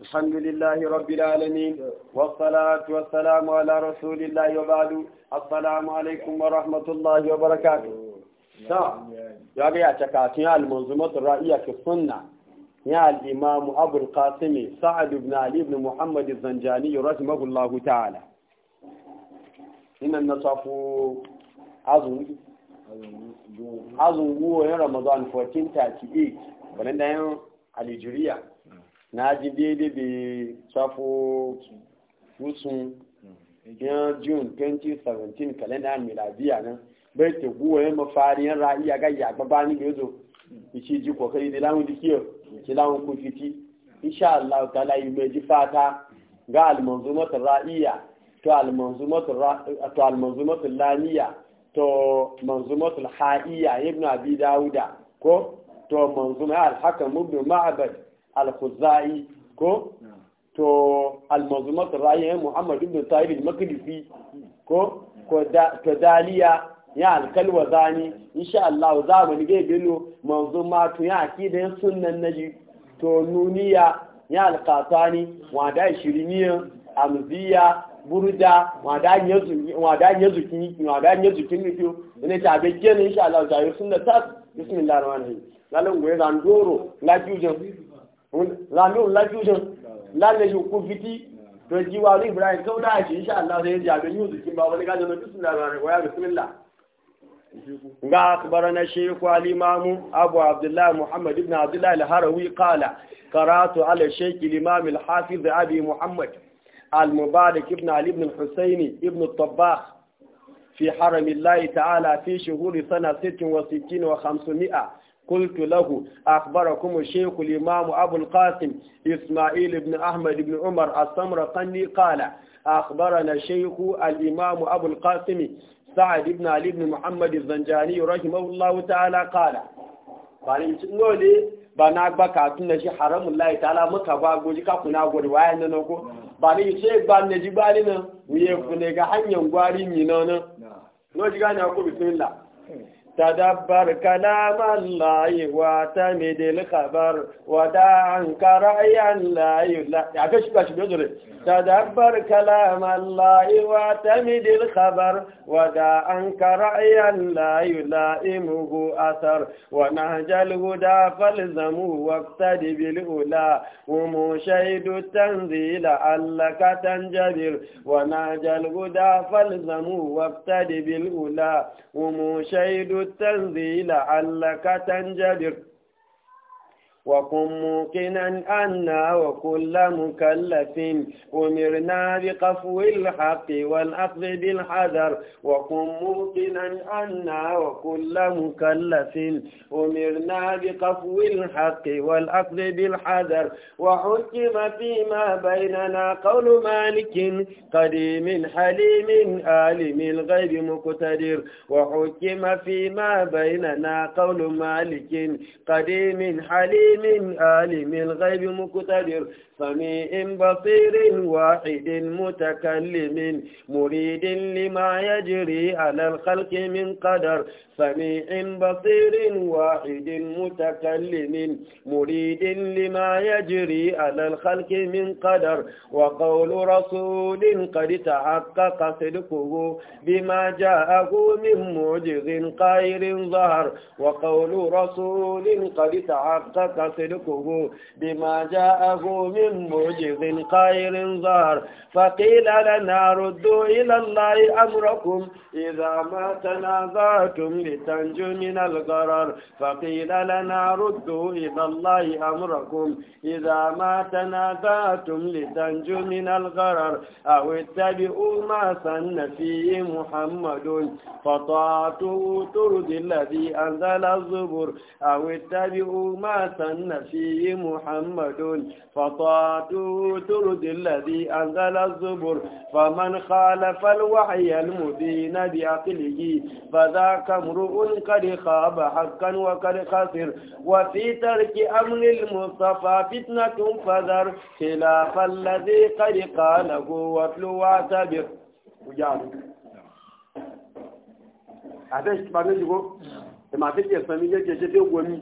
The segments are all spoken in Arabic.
الحمد لله رب العالمين والصلاة والسلام على رسول الله وبعد السلام عليكم ورحمة الله وبركاته يا يا تكاتي المنظومة الرأية في السنة يا الإمام أبو القاسم سعد بن علي بن محمد الزنجاني رحمه الله تعالى إن النصف أظن أظن هو رمضان 1438 ولن يوم الهجرية na ji daidai da safo wusun yan june 2017 kalenda miladiya nan bai ta guwa yin mafari yan ra'iya ga ya gaba ni da zo ishi ji kokari da lamun da kiyo ki lamun ku fiti insha Allah ta'ala yi mai ji fata ga almanzumat ra'iya to almanzumat to almanzumat laniya to manzumat ha'iya ibn abi dauda ko to manzumat al-hakam ibn ma'bad al-khuzai ko to al-mazmumat Muhammadu eh, muhammad ibn sa'id al-maqdisi ko ko da kadaliya ya alkalwa zani insha Allah za mu nige manzuma to ya akidan sunnan naji to nuniya ya alqatani wa da shirimiya amziya burda wa da yanzu wa da yazu ki wa da yazu ne to ne ta be kenan insha Allah za yi sunna tas bismillahir rahmanir rahim lalan goye zan doro la jujin lami laju jan lalaye ko fiti to jiwa ni ibrahim kau da shi insha Allah sai ya ga yuzu kin ba wani gajin bismillah wa ya bismillah ga akbarana shaykh al imam abu abdullah muhammad ibn abdullah al harawi qala ala shaykh al imam abi muhammad almubarak ibn ali ibn al husaini ibn al tabbakh في حرم الله تعالى في 66 و500 قلت له أخبركم الشيخ الإمام أبو Isma'il إسماعيل بن أحمد بن عمر السمر قني قال أخبرنا الشيخ الإمام أبو القاسم سعد بن علي بن محمد الزنجاني رحمه الله تعالى ba na gba kafin na shi haramun lai tala muka ba goji kafu na gwada wayan nan ko ba ni ce ba ne ji ba ni nan mu ye ku ne ga hanyar gwari ni nan nan no ji ga na ko bismillah eh. تدبر كلام الله واعتمد الخبر ودع عنك رأيا لا يلا عفش تدبر كلام الله واعتمد الخبر ودع عنك رأيا لا يلائمه أثر ونهج الهدى فالزمه واقتد بالأولى هم شهد التنزيل علك تنجبر ونهج الهدى فالزمه واقتد بالأولى هم شهد التنزيل علك تنجبر وكن موقنا أنا وكل مكلف أمرنا بقفو الحق والأخذ بالحذر وكن موقنا أنا وكل مكلف أمرنا بقفو الحق والأخذ بالحذر وحكم فيما بيننا قول مالك قديم حليم عالم الغيب مقتدر وحكم فيما بيننا قول مالك قديم حليم من عالم الغيب مقتدر سميع بصير واحد متكلم مريد لما يجري على الخلق من قدر سميع بصير واحد متكلم مريد لما يجري على الخلق من قدر وقول رسول قد تحقق صدقه بما جاءه من موجز قائر ظهر وقول رسول قد تحقق تصدقه بما جاءه من موجز خير ظهر فقيل لنا ردوا إلى الله أمركم إذا ما تنازعتم لتنجوا من الغرر فقيل لنا ردوا إلى الله أمركم إذا ما تنازعتم لتنجوا من الغرر أو اتبعوا ما سن فيه محمد فطاعته ترضي الذي أنزل الزبر أو اتبعوا ما سن أن فيه محمد فطاعته ترد الذي أنزل الزبر فمن خالف الوحي المبين بعقله فذاك امرؤ قد خاب حقا وقد خسر وفي ترك أمر المصطفى فتنة فذر خلاف الذي قد قاله واتل واعتبر وجعله a zai shi ba ne jigo da mafi ke sami yake shi dai gomi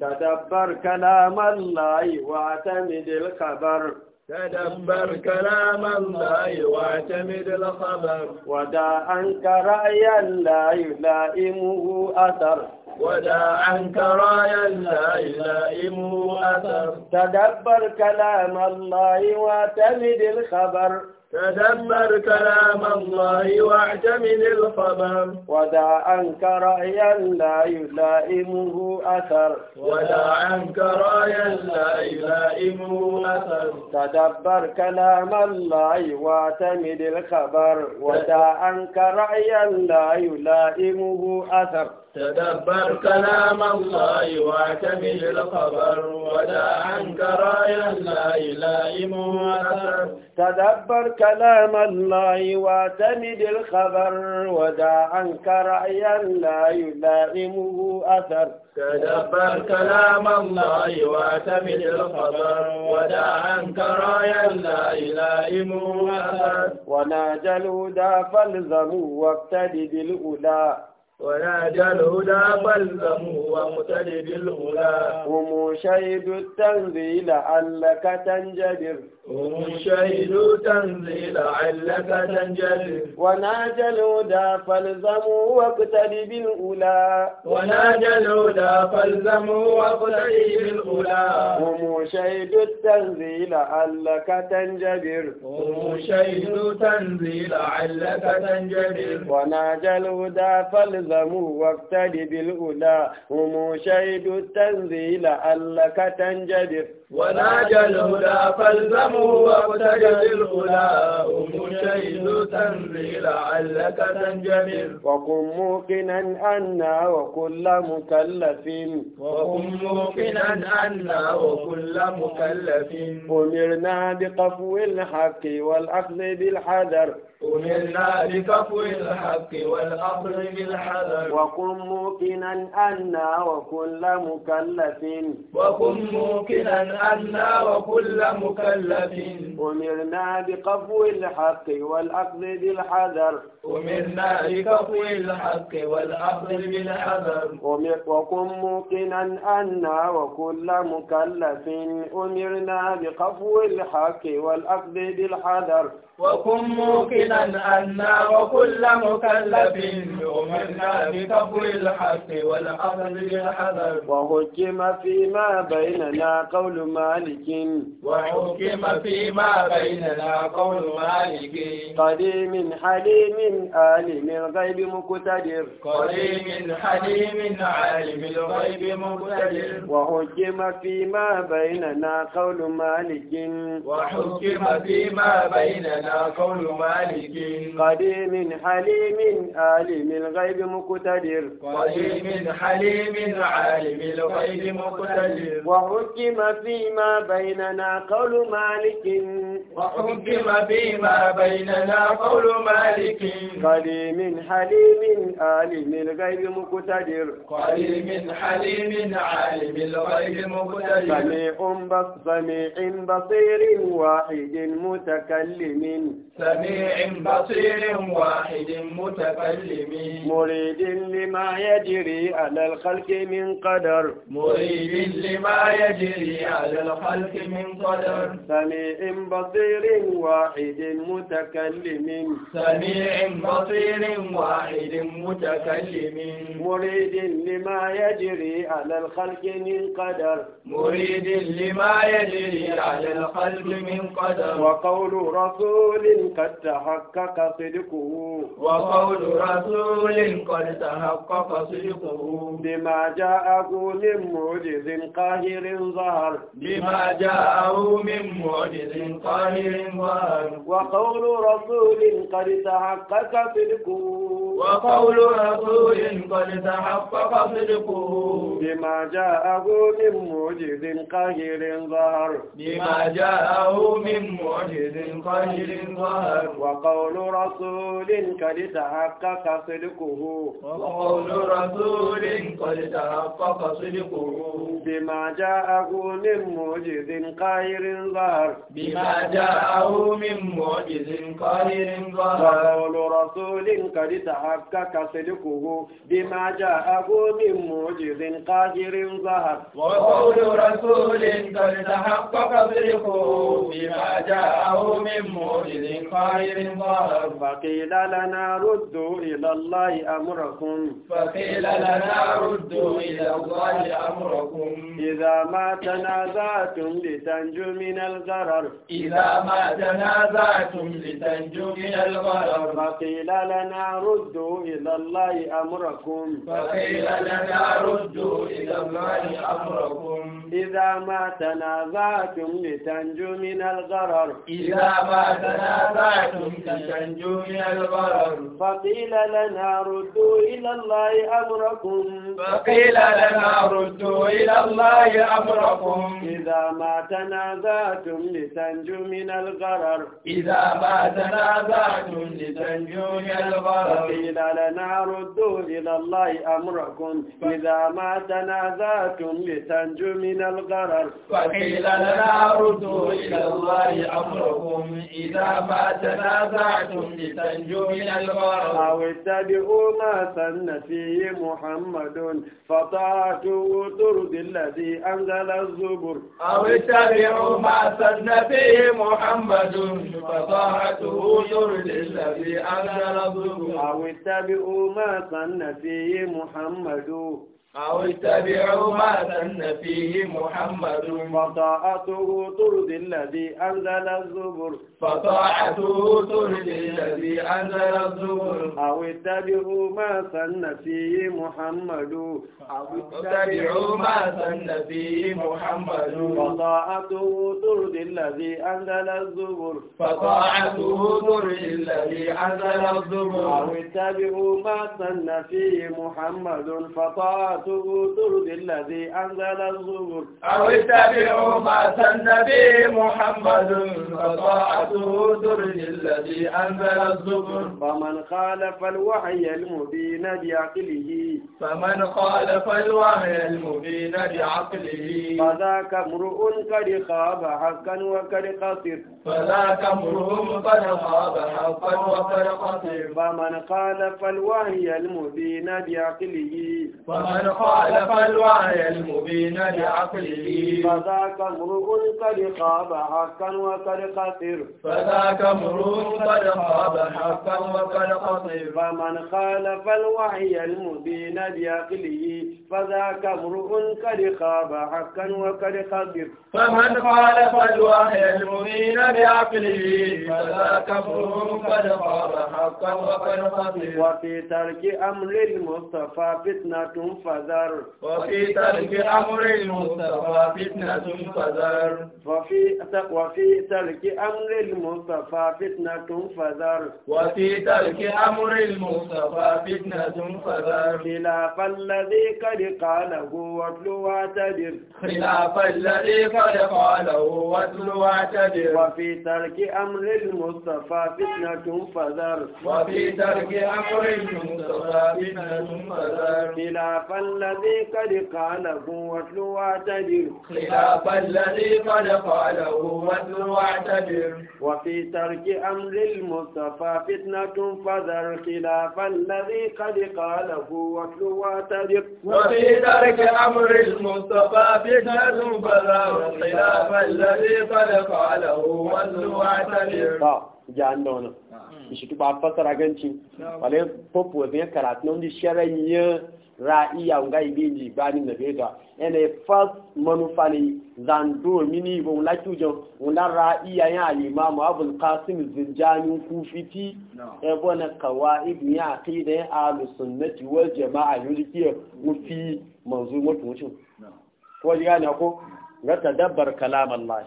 تدبر كلام الله واعتمد الخبر تدبر كلام الله واعتمد الخبر ودع عنك رأي لا يلائمه أثر ودع عنك رأي لا يلائمه أثر تدبر كلام الله واعتمد الخبر تدبر كلام الله واعتمد الخبر ودع عنك رأيا لا يلائمه أثر ودع عنك رأيا لا يلائمه أثر تدبر كلام الله واعتمد الخبر ودع عنك رأيا لا يلائمه أثر تدبر كلام الله واعتمد الخبر ودع عنك رايا لا يلائم أثر تدبر كلام الله واعتمد الخبر ودع عنك رايا لا يلائمه أثر تدبر كلام الله واعتمد الخبر ودع عنك رايا لا يلائمه أثر وناجل الهدى فالزموا واقتد بالأولى ونادى الهدى فالزموا واقتدي بالهدى قوموا شهدوا التنزيل لعلك تنجبر قوم الشهد تنزيل علك تنجلي وناجى الهدى فالزموا واقتدي بالأولى وناجى الهدى فالزموا واقتدي بالأولى قوم شهد التنزيل علك تنجبر قوم شهد تنزيل علك تنجبر وناجى الهدى فالزموا واقتدي بالأولى قوم شهد التنزيل علك تنجبر وناجى الهدى فالزموا واقتجد الغلا أم شيد تنري لعلك تنجبر وقم موقنا أنا وكل مكلف وقم موقنا أنا وكل مكلف أمرنا بقفو الحق والأخذ بالحذر أمرنا بكفو الحق والأخذ بالحذر وكن موقنا أنا وكل مكلف وكن موقنا أنا وكل مكلف أمرنا بقفو الحق والأخذ بالحذر أمرنا بقفو الحق والأخذ بالحذر وكن موقنا أنا وكل مكلف أمرنا بقفو الحق والأخذ بالحذر وكن موقنا أنا وكل مكلف أمرنا بقفو الحق والأخذ بالحذر وهجم فيما بيننا قول مالك وحكم فيما بيننا قول مالك قديم حليم عالم الغيب مقتدر قديم حليم عالم الغيب مقتدر وحكم فيما بيننا قول مالك وحكم فيما بيننا قول مالك قديم حليم عالم الغيب مقتدر قديم حليم عالم الغيب مقتدر وحكم في فيما بيننا قول مالك وحكم فيما بيننا قول مالك قليل حليم عالم الغيب مقتدر قليل حليم عالم الغيب مقتدر سميع سميع بصير واحد متكلم سميع بصير واحد متكلم مريد لما يجري على الخلق من قدر مريد لما يجري على على الخلق من قدر سميع بصير واحد متكلم سميع بصير واحد متكلم مريد لما يجري على الخلق من قدر مريد لما يجري على الخلق من قدر وقول رسول قد تحقق صدقه وقول رسول قد تحقق صدقه بما جاءه من معجز قاهر ظهر بما جاءه من معجز قاهر وقول رسول قد تحقق صدقه وقول رسول قد تحقق صدقه بما جاءه من معجز قاهر ظهر بما جاءه من معجز قاهر ظهر وقول رسول قد تحقق صدقه وقول رسول قد تحقق صدقه بما جاءه من من موجز قاهر ظهر بما جاءه من موجز قاهر ظهر قول رسول قد تحقق صدقه بما جاءه من موجز قاهر ظهر وقول رسول قد تحقق صدقه بما جاءه من موجز قاهر ظهر فقيل لنا ردوا إلى الله أمركم فقيل لنا ردوا إلى الله أمركم إذا ما تنال تنازعتم لتنجو من الغرر إذا ما تنازعتم لتنجو من الغرر فقيل لنا ردوا إلى الله أمركم فقيل لنا ردوا إلى الله أمركم إذا ما تنازعتم لتنجو من الغرر إذا ما تنازعتم لتنجو من الغرر فقيل لنا ردوا إلى الله أمركم فقيل لنا ردوا إلى الله أمركم إذا ما تنازعتم لتنجو من الغرر إذا ما تنازعتم لتنجو من الغرر قيل لنا ردوا إلى الله أمركم إذا ما تنازعتم لتنجو من الغرر وقيل لنا ردوا إلى الله أمركم إذا ما تنازعتم لتنجو من الغرر أو اتبعوا ما سن فيه محمد فطاعته ترد الذي أنزل الزبر الزبر أو اتبعوا ما سن فيه محمد فطاعته يرضي الذي أنزل الظلم أو اتبعوا ما سن فيه محمد أو اتبعوا ما سن فيه محمد فطاعته ترضي الذي أنزل الزبر فطاعته ترضي الذي أنزل الزبر أو اتبعوا ما سن فيه محمد أو اتبعوا ما سن فيه محمد فطاعته ترضي الذي أنزل الزبر فطاعته ترضي الذي أنزل الزبر أو اتبعوا ما سن فيه محمد فطاعته تبوتر بالذي أنزل الزبر أو اتبعوا ما النبي محمد فطاعته ترد الذي أنزل الزبر فمن خالف الوحي المبين بعقله فمن خالف الوحي المبين بعقله فذاك امرؤ قد خاب حقا وقد خسر فذاك امرؤ قد خاب حقا وقد خسر فمن خالف الوحي المبين بعقله فمن خالف الوعي المبين لعقله فذاك امرؤ قد خاب حقا وقد قصر فذاك امرؤ قد خاب حقا وقد قصر فمن خالف الوعي المبين لعقله فذاك امرؤ قد خاب حقا وقد قصر فمن خالف الوعي المبين لعقله فذاك امرؤ قد خاب حقا وقد قصر وفي ترك امر المصطفى فتنه فذر وفي تلك أمر المصطفى فتنة فذر وفي وفي تلك أمر المصطفى فتنة فذر وفي تلك أمر المصطفى فتنة فذر خلاف الذي قد قاله واتلو واعتذر خلاف الذي قد قاله واتلو واعتذر وفي ترك أمر المصطفى فتنة فذر وفي ترك أمر المصطفى فتنة فذر خلاف الذي قد قاله واتلو واعتبر خلاف الذي قد قاله واتلو واعتبر وفي ترك أمر المصطفى فتنة فذر خلاف الذي قد قاله واتلو واعتبر وفي ترك أمر المصطفى فتنة فذر خلاف الذي قد قاله واتلو واعتبر jan da wani shi tuba fassara ganci wale popo zai karatu na wani ra'iya nga ibe ni bani na beta ene fas manufani zando mini bo la tujo wala ra'iya ya imam abul qasim zinjani kufiti e bona kawaid ya aqida ahlus sunnati wal jamaa yulki mufi mutu mutum ko ji gane ko ga tadabbar kalam Allah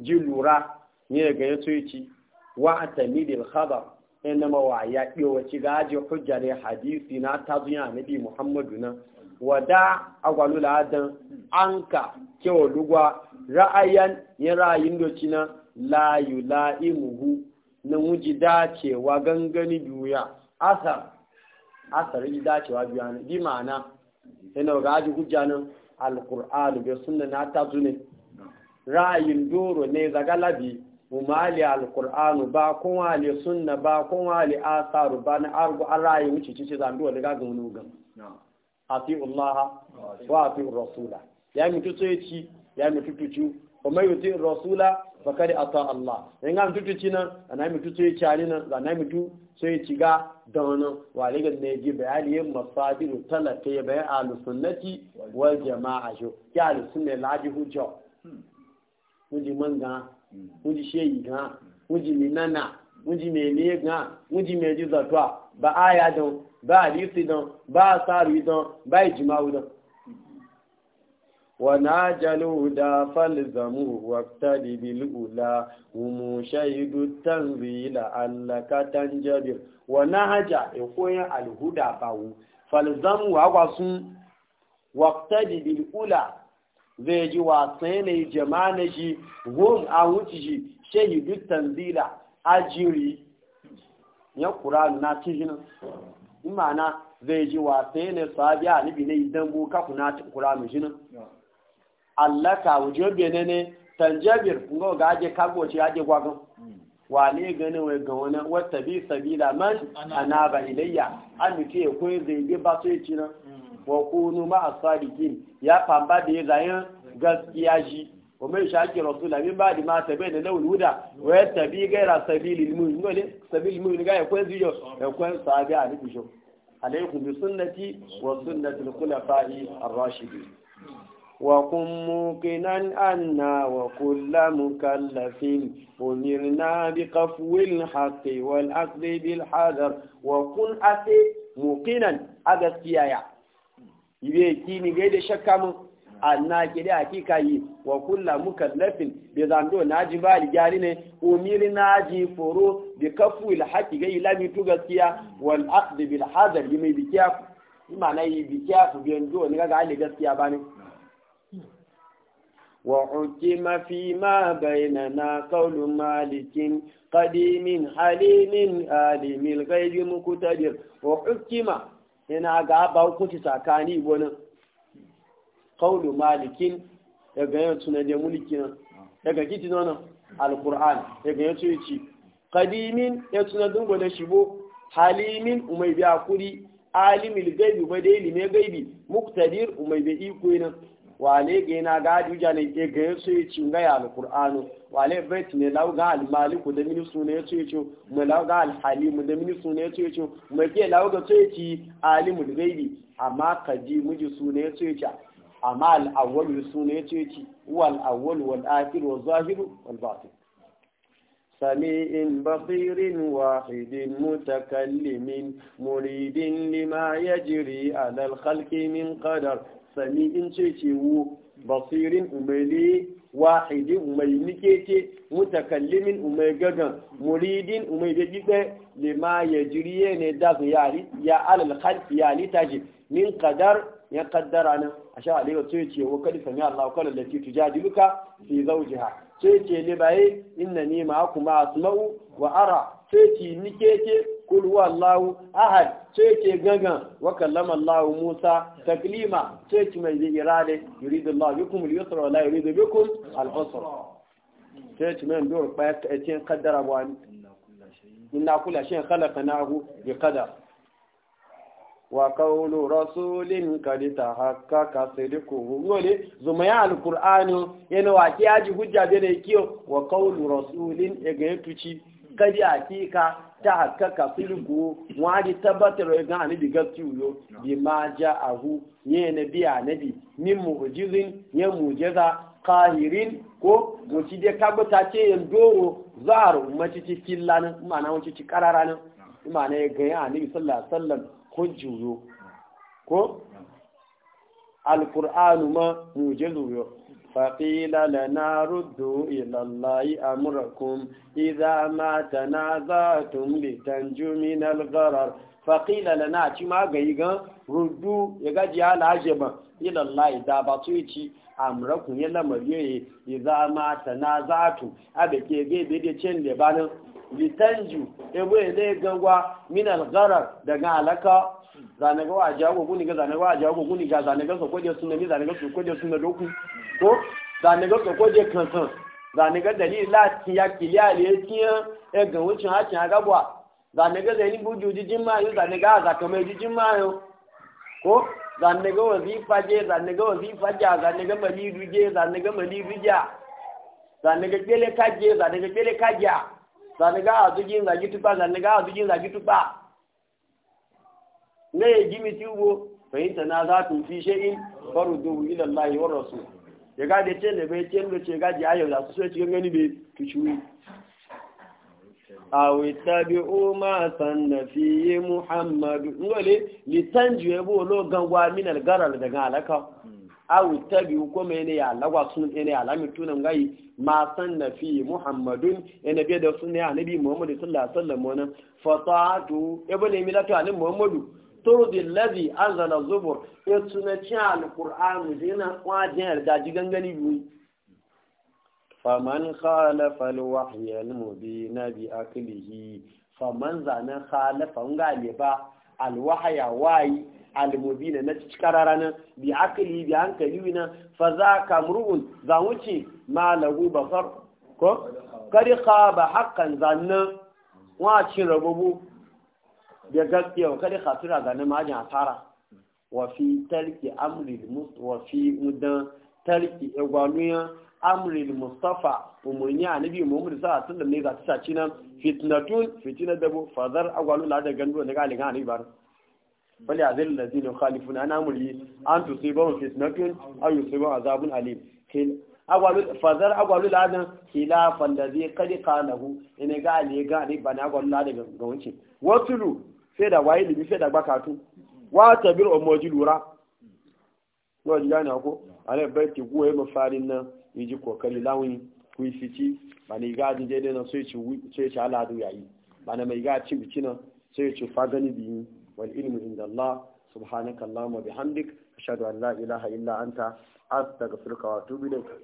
ji lura ne ga yaso yaci wa atamidil khabar ina mawaya ɗewaci gaji hujjar hadisi na ta zuya nabi muhammadu na wada agwalula adan an ka kewa lugwa ra'ayan ya ra'ayin doci na layu la'imuhu na wuji dacewa gangani biya asar asar yi dacewa biya na bi ma'ana ina gaji hujja nan alkur'anu bai suna na ta zune ra'ayin doro ne zagalabi umali alkur'anu ba kun ali sunna ba kun ali asaru ba na argu an raye wuce cice zanduwa daga ga wani gama ati'ullaha wa ati'ur rasula ya mutu sai ci ya ci o mai yuti rasula fakad ata Allah in mi tutu ci nan ana mutu sai ci na, nan mi mutu sai ci ga dawana Wa ga ne ji bayani masadiru talaka ya bayan ahlus sunnati wal jama'a jo ya ahlus sunna laji hujja hmm. mun ji manga kunji she yi gan kunji mi nana kunji mi ne gan kunji mi ji zatwa ba aya don ba ri si don ba sa ri don ba ijima wu don wa na jalu da fal zamu wa ta di bil ula umu shaidu tanzila allaka tanjabir wa na haja e koya al bawo fal zamu wa kwasun wa ta di zai ji wasan yanayi jama'a shi a wuce shi shayi duk a jiri ya kura na cikin imana zai ji wasan yanayi sabi a na idan buka kuna kura mu shi nan allaka wujobe ne ne tanjabir ngo ga aje kago ce aje gwagon wane gani wai ga wani wata bi sabila man anaba ilayya an mutu ya koyi zai ba yi wa kunu ma'a sadiqin ya famba da ya zayin gaskiya ji wa mai shaki rasula min ba ma tabe da lawul huda wa yattabi gaira sabilil mu'min ngole sabilil mu'min ga ya kwen zijo ya kwen sahabi a nufi shau alaikum bi sunnati wa sunnati al-khulafa'i ar-rashidin wa kun muqinan anna wa kullu mukallafin umirna bi qafwil haqqi wal aqdi bil hadar wa kun ati muqinan agaskiya ya ibe kini gai da shakka mun anna kide hakika yi wa kullu mukallafin bi zando naji ba rigari ne umiri ji foro bi kafu il haqi gai lami tu gaskiya wal aqd bil hadar yi mai bikiya na yi bikiya ku biyan do ne ga ali gaskiya ba ne na فيما malikin qadimin halimin قديم حليم mukutadir wa مقتدر ma yana ga ba tsakani wani kaulu malikin daga yin na da mulki nan daga kiti nan alkur'an daga yin su ci kadimin ya suna dungo da shibo halimin umai biya kuri alimil gaibi ba dai, ilime gaibi muktadir umai da iko nan wale ga yana ga duja ne ke ga yasu yi ci ngaya ya alƙur'anu wale bet ne lau ga almaliku da mini su ne yasu yi ci mu lau ga alhalimu da mini su ne yasu yi ci mu ke lau ga su yi ci alimu da gaibi amma kaji miji su ne yasu ya ci amma al'awwal su ne yasu yi ci wal awwal wal akhir wal in wal batin سميع بصير واحد متكلم مريد لما يجري على الخلق min قدر sami'in ce ce wu basirin umeli wahidin umai nikete mutakallimin umai gagan muridin umai da bibe lima ya jiriye ne da su ya alal khalqi ya litaji min qadar ya qaddara nan asha alaihi ce ce wa kadi sami Allah kala lati tujadiluka fi zawjiha ce ce ne baye innani ma'akuma asma'u wa ara ce ce nikete kul huwa Allahu ahad ce ke gangan wa kallama Allahu Musa taklima ce ce mai irade yuridu Allah bikum al-yusra wa la yuridu bikum al-usra ce ki mai dur ba ta ce kaddara ba ni inna kullu shay'in khalaqnahu bi qadar wa qawlu rasulin kad tahaqqaqa sidquhu ngole zumaya al-qur'anu yana wa kiyaji hujja da ne kiyo wa qawlu rasulin e ga yutuci kadi hakika ta hakaka mu wani tabbatar ga diga tiyo bi ma ja ahu ne nabi anabi min mu'jizin ya mujaza qahirin ko muci dai kago ta ce en doro mace ci fillan kuma na wace ci kararanin kuma ya ga ani sallallahu alaihi wasallam hujjuyo ko alqur'anu ma mu'jizu فقيل لنا ردوا إلى الله أمركم إذا ما تنازعتم لتنجوا من الغرر فقيل لنا كما غيغا ردوا يغاجي على عجبا إلى الله إذا بطيتي أمركم يلا مريوي إذا ما تنازعتم أبكي غيبي دي تشين لبانا litanju ebo ele gangwa min algharar daga zane ga wa jago guni ga zane ga wa jago guni ga zane ga sokoje sunna mi zane ga sokoje sunna doku ko zane ga sokoje kansan zane ga dalili la ti ya kiliya le tiya e ga wucin hakin aga bwa zane ga zani buju jijin ma yo zane ga za kamar jijin ma yo ko zane ga fa je zane ga wazifa ja zane ga malidu je zane ga malidu ja zane ga kele kaje zane ga kele kaja zane ga azugin zagi tuba zane ga azugin zagi tuba na ya gimi tubo fahimta na za ta fi sha'in faru duhu idan layi wa rasu ya gada ce da bai ce da ce gaji ayyau da su sai cikin gani bai kishuwi a wita bi umar sannafi muhammadu ngole litan ya bu lo gangwa minar garar daga alaka a wita bi ko mai ne ya lagwa sun ne alami tunan gai ma sannafi Muhammadu. yana bai da sun ne nabi muhammadu sallallahu alaihi wasallam wannan fatatu ibn milatu annabi muhammadu Turdin lazi anzala zubur ya tuna cin alkur'anu da yana kwajin yarda ji gangani biyu faman khalafa alwahya almubina bi aklihi faman zanan khalafa ngale ba alwahya wayi almubina na cikararana bi akli bi hankali wina fa za ka murun za wuce ma lagu basar ko kari khaba haqqan zanna wa cin rabubu ya gaskiya wa kada khatira ga na majin asara wa fi tarki amri wa fi mudan tarki igwaluyan amri mustafa umurni annabi muhammadu sallallahu alaihi wasallam ne ga tsaci nan fitnatun fitina dabo fazar agwalu la da gando ne ga alin ne bar bali azil ladina khalifuna an amri an tusibahu fitnatun aw yusibahu azabun alim agwalu fazar agwalu la da khilafan da zai kadi kanahu ne ga ne ga ne bana agwalu la da ga wasulu sai da waye limi sai da bakatu wa tabir o moji lura no ji gane ko ale bai ti guwe mu farin nan yiji kokari lawin ku fici ba ni ga je dai nan sai ci sai yayi ba na mai gaci ci biki nan sai ci fa gani bi wal ilmu inda Allah bi hamdik ashhadu an la ilaha illa anta astaghfiruka wa atubu ilayk